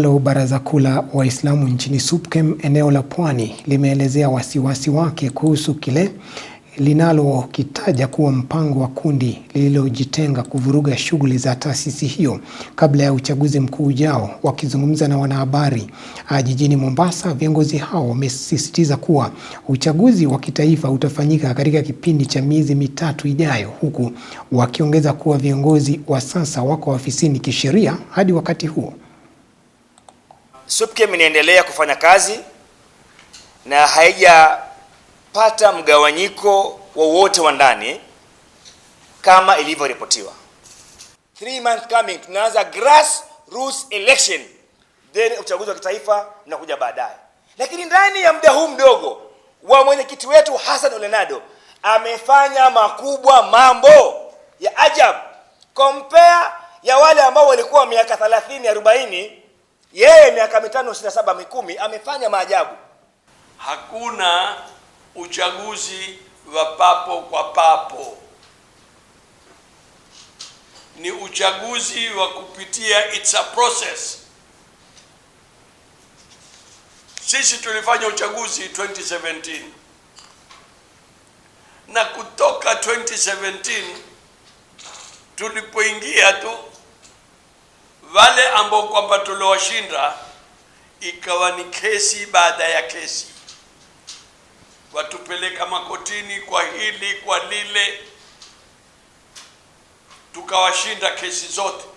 Nalo Baraza Kuu la Waislamu nchini SUPKEM eneo la Pwani limeelezea wasiwasi wake kuhusu kile linalokitaja kuwa mpango wa kundi lililojitenga kuvuruga shughuli za taasisi hiyo kabla ya uchaguzi mkuu ujao. Wakizungumza na wanahabari ah, jijini Mombasa, viongozi hao wamesisitiza kuwa uchaguzi wa kitaifa utafanyika katika kipindi cha miezi mitatu ijayo, huku wakiongeza kuwa viongozi wa sasa wako ofisini kisheria hadi wakati huo. SUPKEM inaendelea kufanya kazi na haijapata mgawanyiko wowote wa ndani kama ilivyoripotiwa. Three months coming tunaanza grass roots election, then uchaguzi wa kitaifa unakuja baadaye. Lakini ndani ya muda huu mdogo wa mwenyekiti wetu Hassan olenado amefanya makubwa, mambo ya ajabu, compare ya wale ambao walikuwa miaka 30 40 yeye miaka mitano sita saba mikumi amefanya maajabu. Hakuna uchaguzi wa papo kwa papo, ni uchaguzi wa kupitia, it's a process. Sisi tulifanya uchaguzi 2017 na kutoka 2017 tulipoingia tu ambao kwamba tuliwashinda ikawa ni kesi baada ya kesi, watupeleka makotini kwa hili kwa lile, tukawashinda kesi zote.